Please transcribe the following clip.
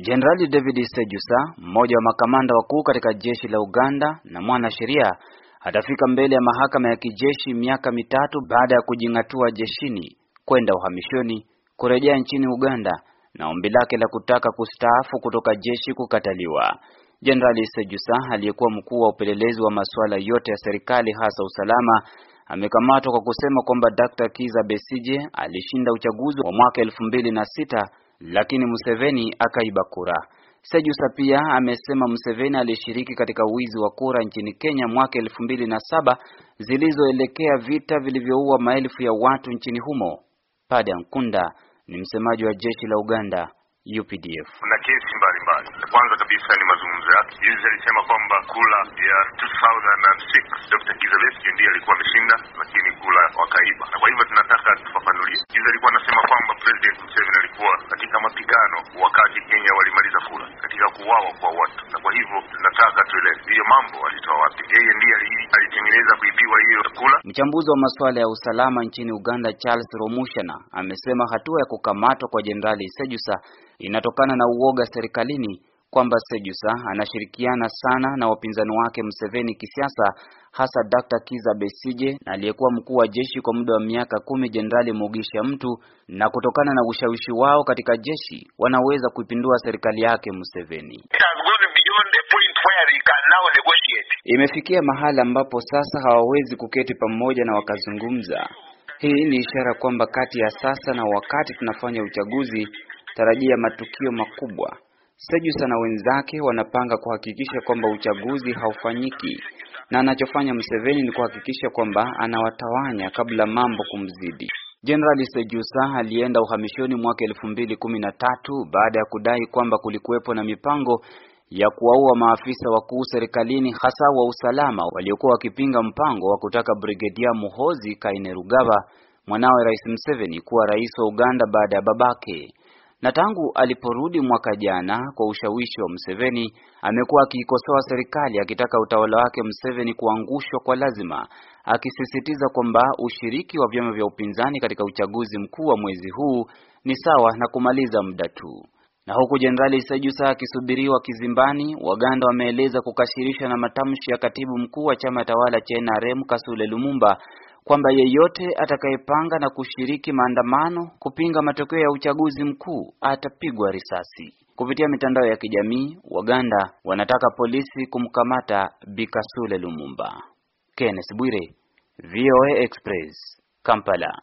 Jenerali David Sejusa, mmoja wa makamanda wakuu katika jeshi la Uganda na mwanasheria, atafika mbele ya mahakama ya kijeshi miaka mitatu baada ya kujing'atua jeshini kwenda uhamishoni kurejea nchini Uganda na ombi lake la kutaka kustaafu kutoka jeshi kukataliwa. Jenerali Sejusa aliyekuwa mkuu wa upelelezi wa masuala yote ya serikali hasa usalama amekamatwa kwa kusema kwamba Dr. Kiza Besije alishinda uchaguzi wa mwaka elfu mbili na sita lakini Museveni akaiba kura. Sejusa pia amesema Museveni alishiriki katika wizi wa kura nchini Kenya mwaka elfu mbili na saba zilizoelekea vita vilivyoua maelfu ya watu nchini humo. Pade Ankunda ni msemaji wa jeshi la Uganda UPDF. Kuna kesi mbalimbali. Kwanza kabisa ni mazungumzo yake. Juzi alisema kwamba kula ya 2006 Dr. Kiza Besigye ndiye alikuwa ameshinda, lakini kula wakaiba, na kwa hivyo tunataka tufafanulie. Juzi alikuwa anasema kwamba President Museveni alikuwa katika mapigano wakati Kenya walimaliza kula, katika kuwawa kwa watu, na kwa hivyo tunataka tuelewe hiyo mambo alitoa wapi. Yeye ndiye wa hiyo chakula. Mchambuzi wa masuala ya usalama nchini Uganda Charles Romushana amesema hatua ya kukamatwa kwa Jenerali Sejusa inatokana na uoga serikalini kwamba Sejusa anashirikiana sana na wapinzani wake Museveni kisiasa, hasa Dr. Kiza Besije na aliyekuwa mkuu wa jeshi kwa muda wa miaka kumi Jenerali Mugisha Mtu, na kutokana na ushawishi wao katika jeshi wanaweza kuipindua serikali yake Museveni. Imefikia mahala ambapo sasa hawawezi kuketi pamoja na wakazungumza. Hii ni ishara kwamba kati ya sasa na wakati tunafanya uchaguzi, tarajia matukio makubwa. Sejusa na wenzake wanapanga kuhakikisha kwamba uchaguzi haufanyiki, na anachofanya Museveni ni kuhakikisha kwamba anawatawanya kabla mambo kumzidi. Jenerali Sejusa alienda uhamishoni mwaka 2013 baada ya kudai kwamba kulikuwepo na mipango ya kuwaua maafisa wakuu serikalini hasa wa usalama waliokuwa wakipinga mpango wa kutaka Brigedia Muhozi Kainerugaba, mwanawe Rais Museveni, kuwa rais wa Uganda baada ya babake. Na tangu aliporudi mwaka jana kwa ushawishi wa Museveni, amekuwa akiikosoa serikali akitaka utawala wake Museveni kuangushwa kwa lazima, akisisitiza kwamba ushiriki wa vyama vya upinzani katika uchaguzi mkuu wa mwezi huu ni sawa na kumaliza muda tu. Na huku Jenerali sejusa akisubiriwa kizimbani, Waganda wameeleza kukashirishwa na matamshi ya katibu mkuu wa chama tawala cha NRM Kasule Lumumba kwamba yeyote atakayepanga na kushiriki maandamano kupinga matokeo ya uchaguzi mkuu atapigwa risasi. Kupitia mitandao ya kijamii, Waganda wanataka polisi kumkamata Bikasule Lumumba. Kenneth Bwire, VOA Express, Kampala.